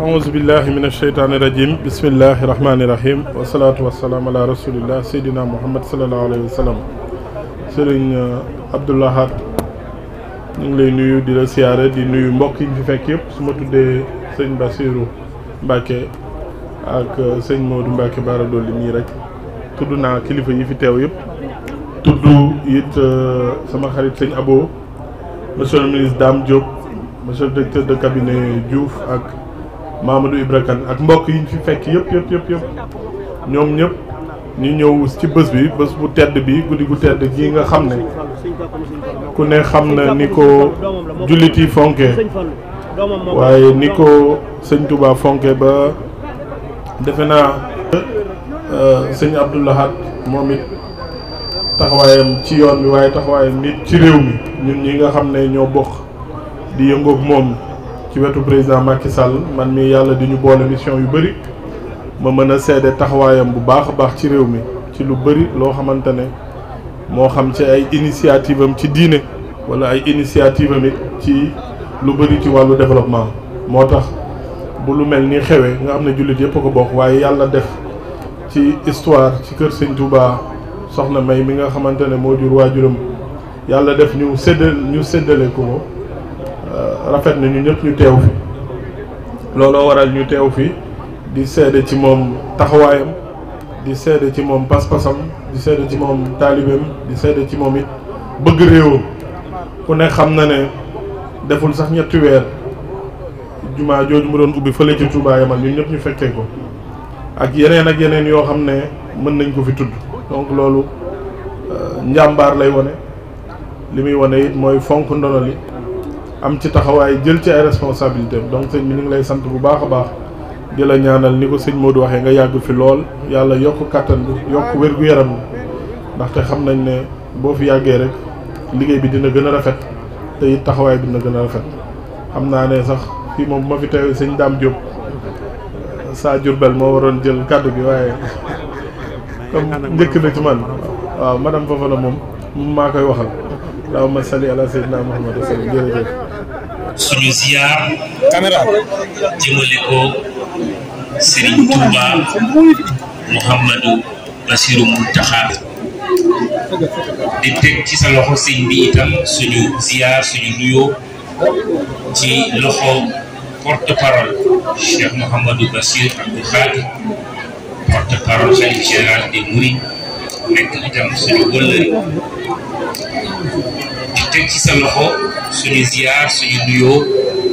aouzu billahi min asheytaani rajim bismillahi rahmaani rahim wasalaatu wasalaam ala rasulillah seydina muhammad salallahu alayhi wa sallam sëriñ uh, abdoulahat ñu ngi lay nuyu di la siyaare di nuyu mbokk yi fi fekk yëpp su ma tuddee sëñ basiru mbàkke ak uh, sëñ moodu mbàkke baara dolli nii rek tudd naa kilifa yi fi teew yëpp tudd it uh, sama xarit sëñ abo monsieur le ministre Dame Diop monsieur directeur de cabinet Diouf ak Mamadou Ibra Kane ak mbokk yi ñu fi fekk yëpp yépp yëpp yëpp ñoom ñëpp ñu ñëw ci bës bi bés bu tedd bi guddi gu tedd ji nga xam ne ku ne xam na ni ko jullit yi fonke waaye ni ko sëñ Touba fonkee ba defe naa euh, sëñ Abdou Lahad moom it taxawaayam ci yoon bi waaye taxawaayam nit ci réew mi ñun ñi nga xam ne ñoo bokk di yëngoog moom ci wetu président Macky Sall man mii yàlla di ñu boole mission yu bëri ma mën a seede taxawaayam bu baax a baax ci réew mi ci lu bëri loo xamante ne moo xam ci ay initiative am ci diine wala ay initiative am it ci lu bëri ci wàllu développement moo tax bu lu mel ni xewee nga xam ne jullit yëpp ko bokk waaye yàlla def ci histoire ci kër sëñ Touba soxna May mi nga xamante ne moo jur waajuram yàlla def ñu séddal ñu ko ko rafet na ñu ñëpp ñu teew fi looloo waral ñu teew fi di seede ci moom taxawaayam di seede ci moom pas-pasam di seede ci moom taalibeem di seede ci moom it bëgg réewam ku ne xam na ne deful sax ñetti weer jumaa jooju mu doon ubbi fële ci Touba Yamal ñun ñëpp ñu fekkee ko ak yeneen ak yeneen yoo xam ne mën nañ ko fi tudd donc loolu euh, njàmbaar lay wone li muy wane it mooy fonk ndono li am ci taxawaay jël ci ay responsabilité donc sëñ bi ñu ngi lay sant bu baax a baax di la ñaanal ni ko moo Modou waxee nga yàgg fi lool yàlla yokk kàttan bi yokk wér-gu-yaram ndaxte xam nañ ne boo fi yàggee rek liggéey bi dina gën a rafet te it taxawaay bi dina gën a rafet xam naa ne sax fii moom bu ma fi teewee sëñ Dame Diop euh, saa Diourbel moo waroon jël kàddu bi waaye comme njëkk na ci man waaw madame Fofana moom maa koy waxal daaw ma sali ala sayyidina Muhammad jërëjëf suñu ziar caméra jëmale ko Serigne Touba Mouhamadou Bassirou Mountakha di teg ci sa loxo sëñ bi itam suñu ziar suñu nuyoo ci loxo porte parole Cheikh Mouhamadou Bassirou Abdou Khadre porte général des Mourides nekk itam suñu wëllëri teg ci sa loxo suñu ziar suñu nuyoo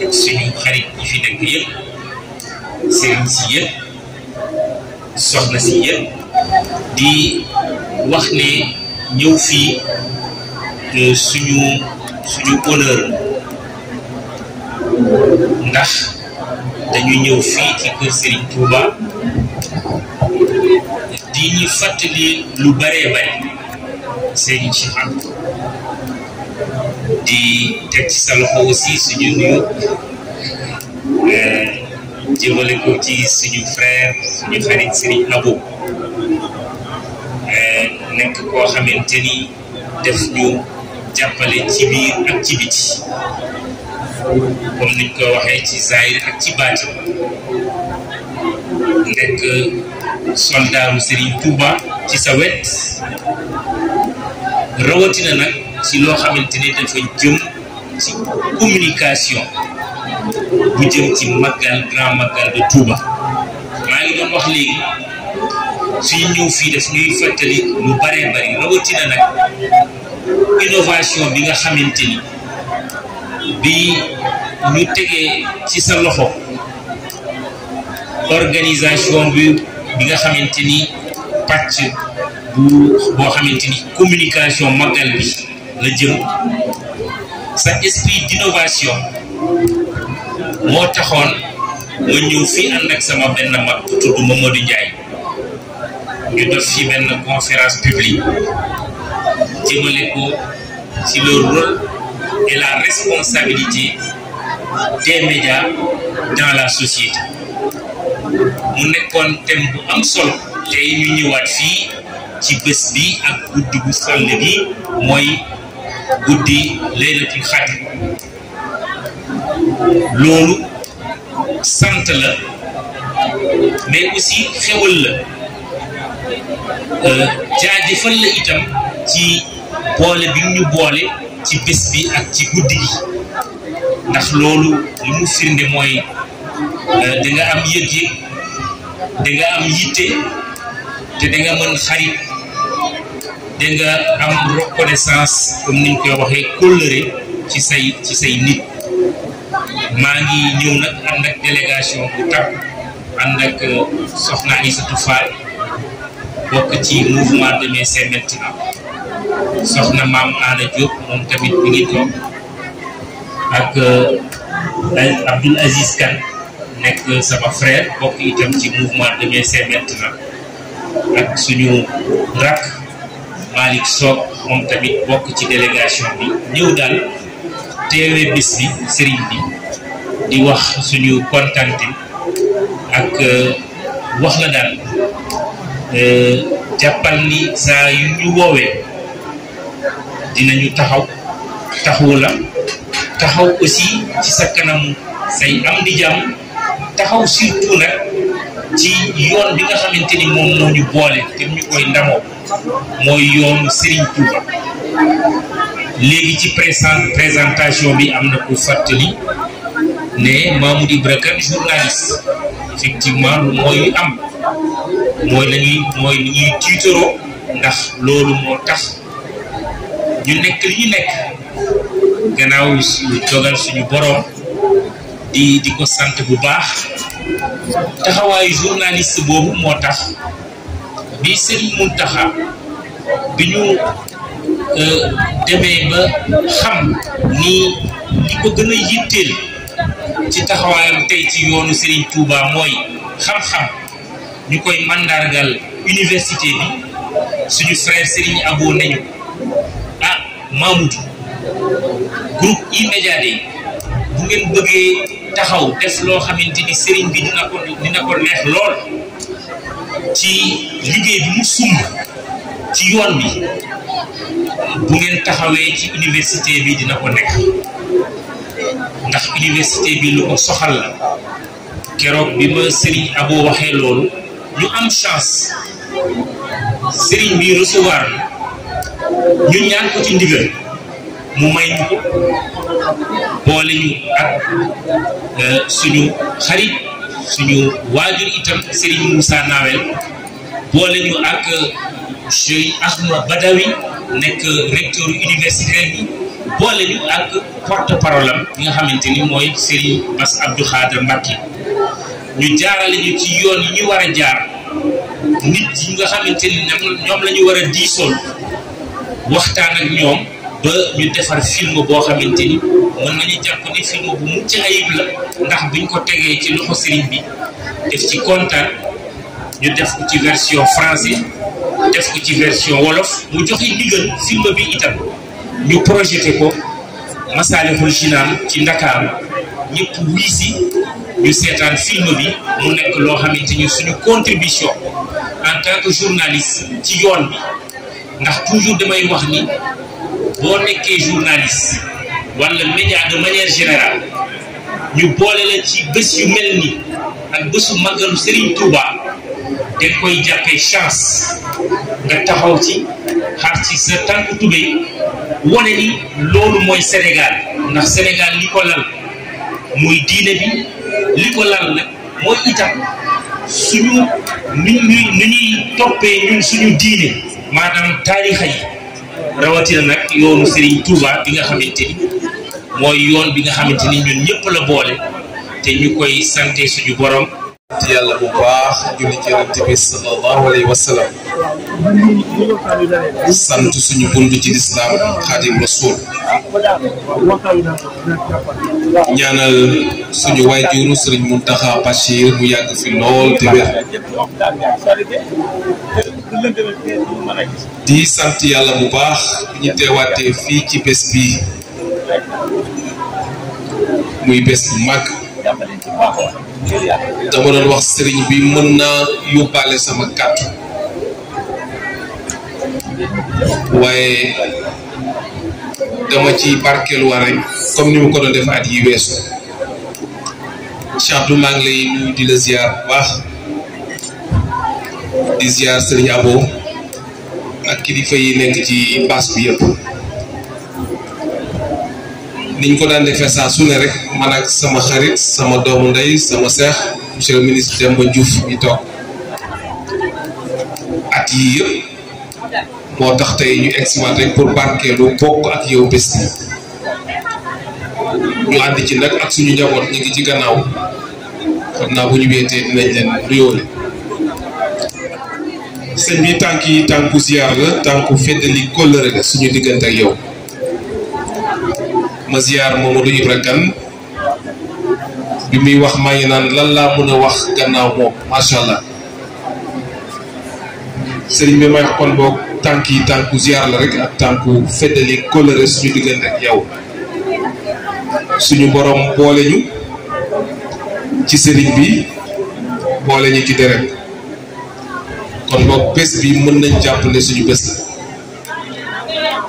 ak suñu xarit yi fi nekk yëpp sëriñ si yëpp soxna si yëpp di wax ne ñëw fii suñu suñu ndax dañu ñëw fii ci kër Serigne Touba di ñu fàttali lu baree bari Serigne Cheikh di teg ci sa loxo aussi suñu nuyu eh, jëmale ko ci suñu frère suñu xarit Serigne Abo eh, nekk koo xamante ni def ñu jàppale ci biir ak ci biti comme niñ waxee ci zahir ak ci baatin nekk soldaaru Serigne Touba ci sa wet rawatina nag. si loo xamante ni dafa jëm ci communication bu jëm ci màggal grand màggal de Touba maa ngi doon wax léegi suñu ñëw fii daf ñuy fàttali lu bare bari rawatina nag innovation bi nga xamante ni bi ñu tegee ci sa loxo organisation bi bi nga xamante ni pàcc boo xamante ni communication màggal bi la jëm sa esprit d'innovation moo taxoon ma ñëw fii ànd ak sama benn mag bu tudd Mamadou Ndiaye ñu def fi benn conférence publique jëmale ko ci le et la responsabilité des médias dans la société mu nekkoon thème bu am solo tey ñu ñëwaat fii ci bés bi ak guddi gu sàll bi mooy guddi laylatul xadr loolu sant la mais aussi xewal la euh, jaajëfal la itam ci boole bi ñu boole ci bés bi ak ci guddi gi ndax loolu li mu firnde mooy euh, da am yëg-yëg am yitte te da mën xarit di nga am reconnaissance comme niñ koy waxee kóllëre ci say ci say nit maa ngi ñëw nag ànd ak délégation bu tàkk ànd ak euh, soxna Aïssatou Fall bokk ci mouvement Demain c'est maintenant soxna maam Anna Diop moom tamit mi ngi toog ak euh, Abdoul Aziz Kane nekk sama frère bokk itam ci mouvement Demain c'est maintenant ak suñu rakk Malick Sock moom tamit bokk ci délégation bi ñëw daal teewe bi sëriñ bi di wax suñu kontante ak euh, wax la daal euh, jàppal ni saa yu ñu woowee dinañu taxaw taxawu la taxaw aussi ci sa kanam say am di jàmm taxaw surtout nag ci yoon bi nga xamante ni moom moo boole te ñu koy ndamoo mooy yoonu Serigne Touba léegi ci présentation bi am na ku fàttali ne Mamoud Ibra Kane journaliste effectivement lu mooy am mooy lañuy mooy li ñuy tiitaroo ndax loolu moo tax ñu nekk li ñu nekk gannaaw dogal suñu boroom di di ko sant bu baax taxawaayu journaliste boobu moo tax bi Serigne Mountakha bi ñu euh, demee ba xam ni li ko gën a yitteel ci taxawaayam tey ci yoonu Serigne Touba mooy xam-xam ñu koy mandargal université bi suñu frère Serigne Abo nañu ah Mamoudou groupe immédiat yi bu ngeen bëggee taxaw def loo xamante ni Serigne bi dina ko dina lool. ci liggéey bi mu sumb ci yoon bi bu ngeen taxawee ci université bi dina ko nekk ndax université bi lu ko soxal la keroog bi ma Serigne Abo waxee loolu ñu am chance Serigne bi recevoir ñu ñaan ko ci ndigal mu may ñu ko boole ñu ak euh, suñu xarit. suñu waajur itam Serigne Moussa Nawel boole ñu ak Cheikh Ahmad Badawi nekk recteur universitaire bi boole ñu ak porte parole am bi nga xamante ni mooy Serigne Bass Abdou Khadre Mbacké ñu jaarale ñu ci yoon yi ñu war a jaar nit yi nga xamante ñoom la ñu war a diisoon waxtaan ak ñoom ba ñu defar film boo xamante ni. mën nañu jàpp ni film bu mucc ayib la ndax biñ ko tegee ci loxo sëriñ bi def ci kontaan ñu def ko ci version français def ko ci version wolof mu joxe ndigal film bi itam ñu projeté ko Masaalikul Jinaan ci Ndakaaru ñëpp wii si ñu seetaan film bi mu nekk loo xamante ni suñu contribution en tant que ci yoon bi ndax toujours damay wax ni boo nekkee journaliste wala média de manière général ñu boole la ci bés yu mel ni ak bésu màggalu Serigne Touba dañ koy jàppee chance nga taxaw ci xar ci sa tànk tubéy wane ni loolu mooy Sénégal ndax Sénégal li ko lal muy diine bi li ko lal nag mooy itam suñu nu ñuy nu ñuy toppee ñun suñu diine maanaam taarixa yi rawatina nag yoonu Serigne Touba bi nga xamante ni mooy yoon bi nga xamante ni ñun ñëpp la boole te ñu koy sante suñu borom ci yàlla bu baax julli ci yonent bi sallallahu sant suñu bunt ci lislaam xaadim rasul ñaanal suñu waajuru sëriñ Muntaxa Bachir bu yàgg fi lool di sant yàlla bu baax ñu teewaatee fii ci bés bi muy bés bu dama doon wax sëriñ bi mën na yóbbaale sama kàddu waaye dama ci barkeeluwaat rek comme ni mu ko doon def at yi weesu Cheikh maa ngi lay nuyu di ziar bu di ziar sëriñ Abo ak kilifa yi nekk ci baas bi yëpp niñ ko daan defee saa su rek. man ak sama xarit sama doomu ndey sama seex monsieur le ministre Demba Diouf bi toog at yii yëpp moo tax tey ñu egsiwaat rek pour barkeelu bokk ak yow bés ñu ànd ci nag ak suñu njaboot ñu ngi ci gannaaw xam naa bu ñu weetee dinañ leen nuyoole sëñ bi tànk yi tànku ziar la tànku feddali kóllëre la suñu diggante ak yow ma ziar Mamadou Ibra Kane bi muy wax maa ngi naan lan laa mën a wax gannaaw moom macha allah sëriñ bi may wax kon boog tànk yi tànku ziar rek ak tànku feddali coloré suñu diggante ak yow suñu boroom boole ñu ci sëriñ bi boole ñu ci deret kon boog bés bi mën nañ jàpp ne suñu bés la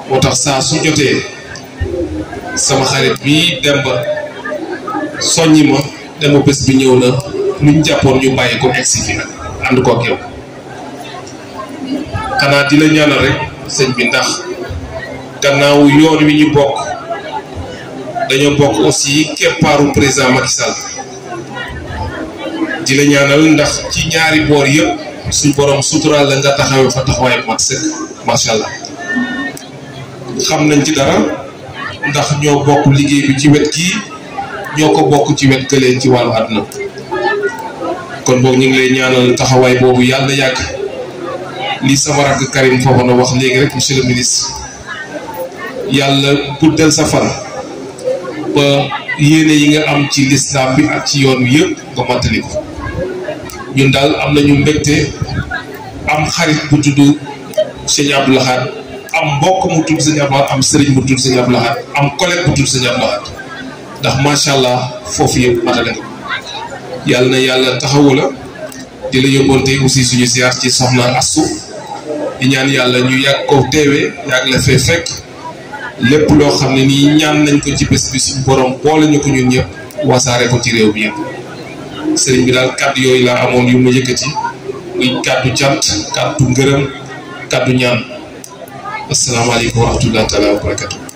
moo tax saa su jotee sama xarit bi Demba. soññi ma dama bés bi ñëw na luñ jàppoon ñu bàyyi ko egsi nag ànd koog yow xanaa di la ñaanal rek sëñ bi ndax kannaaw yoon wi ñu bokk dañoo bokk aussi keppaaru président Macky Sall di la ñaanal ndax ci ñaari boor yëpp suñ borom suturaal la nga taxawee fa taxawaay mat sëkk macha allah xam nañ ci dara ndax ñoo bokk liggéey bi ci wet gii. ñoo ko bokk ci wet kële ci wàllu àdduna kon boo ñu ngi lay ñaanal taxawaay boobu yàlla yàgg li sama rakk Karim Fofana wax léegi rek monsieur le ministre yàlla guddal sa yéene yi nga am ci lislaam bi ak ci yoon yëpp nga daal am nañu mbégte am xarit bu tudd sëñ Abdou Lahad mu tudd sëñ Abdou Lahad am sëriñ bu tudd sëñ Abdou Lahad am collègue bu tudd sëñ Abdou Lahad ndax macha allah foofu yëpp matale yàlla na yàlla taxawu la di la yóbbante aussi suñu ziar ci soxna Astou di ñaan yàlla ñu yàgg ko teewee yàgg la fee fekk lépp loo xam ne nii ñaan nañ ko ci bés bi suñu borom boole ñu ko ñun ñëpp wasaare ko ci réew bi yëpp bi daal kàddu yooyu laa amoon yu ma ci muy kàddu cant kàddu ngërëm kàddu ñaan asalaamaaleykum wa rahmatulah taala wa barakatu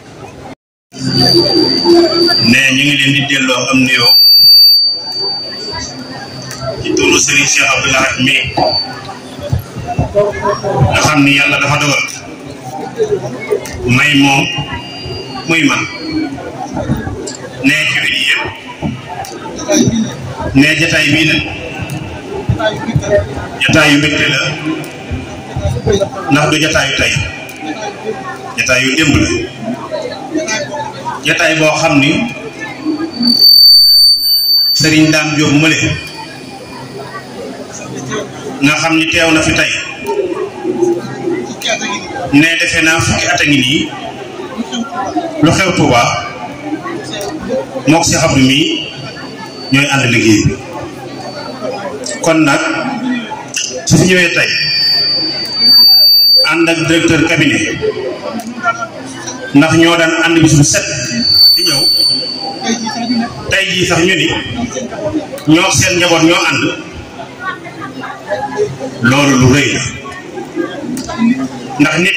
nee ñu ngi leen di delloo am nuyoo ci turu Serigne Cheikh Abdou Lahad mi nga xam ni yàlla dafa dogal may moom muy man nee ci jataay bii nag jataayu mbégte la ndax du jataayu tey jataayu démb la. jataay boo xam ni sëriñ daan Diop mële nga xam ni teew na fi tey ne defe naa fukki at a ngi nii lu xew Touba mook si xabdu mi ñooy ànd liggéey kon nag su fi ñëwee tey ànd ak directeur ndax ñoo daan ànd bis set di ñëw tey jii sax ñu ni ñoo seen njaboot ñoo ànd loolu lu rëy ndax nit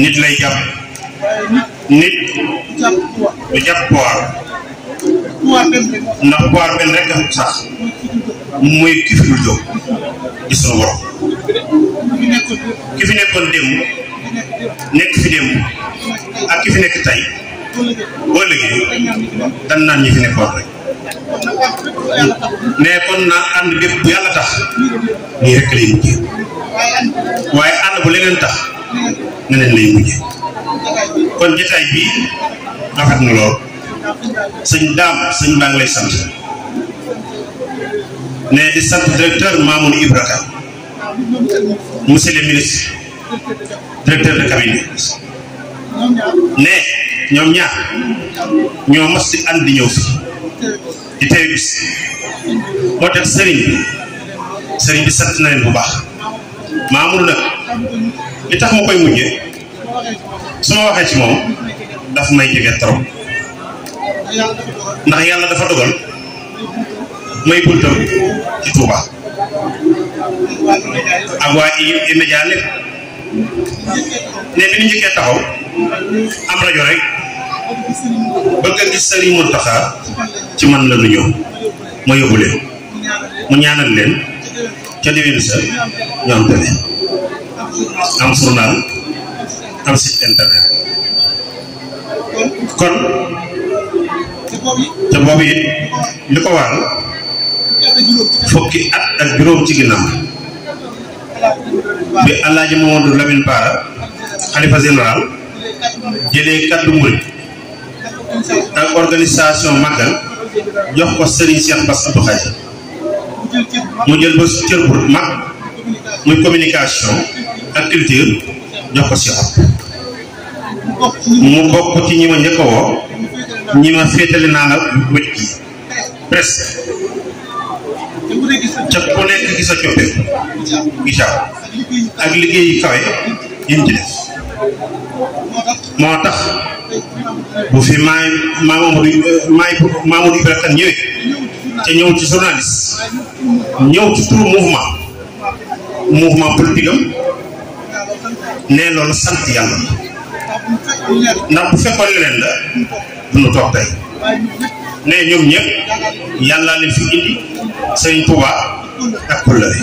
nit lay jàpp nit du jàpp pouvoir ndax pouvoir benn rek dafa sax muy kifidul jóg di sunu borom ki fi nekkoon démb nekk fi démb ak ki fi nekk tey boo liggéey dan naan fi nekkoon rek mais kon naa ànd bépp bu yàlla tax nii rek lay mujjee waaye ànd bu leneen tax neneen lay mujjee kon jotaay bii rafet na lool sëñ daam sëñ baa lay sant ne di sant directeur Mamoun Ibrahima monsieur le ministre directeur de cabinet ne ñoom ñaar ñoo mas ci ànd di ñëw fi di tey bis moo tax sëriñ bi sëriñ bi bu baax Mamour nag li tax ma koy mujjee su waxee ci moom daf may jege trop ndax yàlla dafa dogal may buntam ci Touba. ak waa e ne bi ñu njëkkee taxaw am rajo rek bëgg a gis Serigne Mountakha ci man la ñu ñëw ma yóbbu mu ñaanal leen ca déwén sa ñu am télé am journal am site internet kon te boobu it li ko waral. fukki at ak juróom ci ginnaaw bi Alaaji Mamadou Lamine Bara xalifa général jëlee kaddu murit ak organisation màggal jox ko Serigne Cheikh Bass Abdou Khadre mu jël ba cër bu mag muy communication ak culture jox ko Cheikh mu bokk ci ñi ma njëkk ñi ma féetale naa la wet gi presque ca ku nekk gis a coote gisaaw ak liggéey yu kawe yi mu ci moo tax bu fi maay Mamadou maay Mamadou ñëwee ca ñëw ci journaliste ñëw ci turu mouvement mouvement politique nee loolu sant yàlla ndax bu fekkoon leneen la duñu toog tey nee ñoom ñëpp yàllaa leen fi indi sëñ Touba ak kóllëre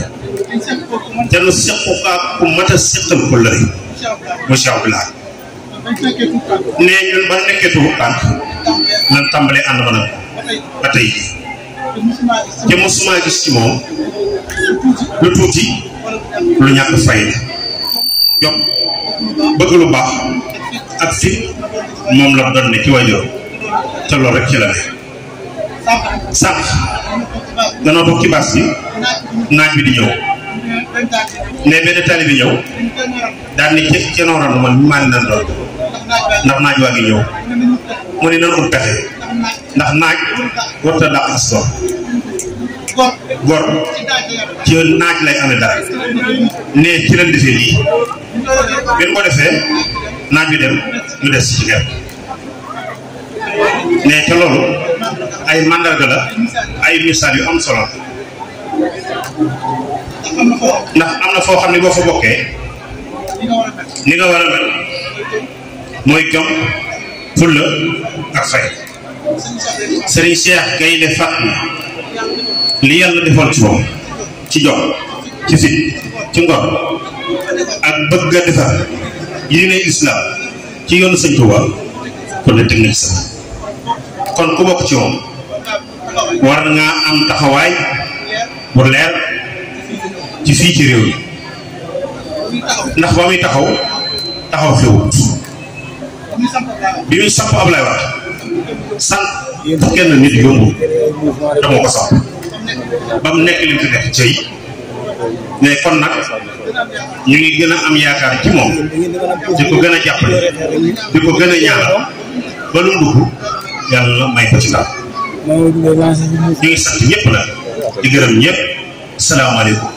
te nu seq ko ku mat a seqal kóllëre monsieur Abdoulaye ne ñun ba nekkee tuukaan lan tàmbalee ànd ma nag ba tey te mosuma gis ci moom lu tuuti lu ñàkk fay la yokk bëgg lu baax ak fit moom la doon ne ci waajur te loolu ci la ne sànq danoo ci bas bi naaj bi di ñëw mais benn tali bi ñëw daal ni ca ca noorandu man maa ngi naan doon ndax naaj waa ngi ñëw mu ne nan ut ndax naaj warut a dàq as gor ci naaj lay amee dara ne ci lañ defee lii bi ko defee naaj bi dem ñu des ci gerte. mais te loolu ay mandarga la ay misaal yu am solo ndax am na foo xam ne boo fa bokkee ni nga war a mel mooy jom fulla ak fay sëriñ Cheikh Gaynde Fatma li yàlla defoon ci ci jox ci fit ci ngor ak bëgg a defar yi ne islam ci yoonu sëñ Tuubaa kon ne teg nañ sama kon ku bokk ci moom war ngaa am taxawaay bu leer ci fii ci réew yi ndax ba muy taxaw taxaw fi wut bi muy samp Ablaye Wade sant bu kenn nit yombu dama ko samp ba mu nekk lim fi nekk cëy ne kon nag ñu ngi gën a am yaakaar ci moom di ko gën a jàppale di ko gën a ñaanal ba lu mu yàlla may ko ci taal. ñu ngi sant ñëpp nag di gërëm ñëpp salaamaaleykum.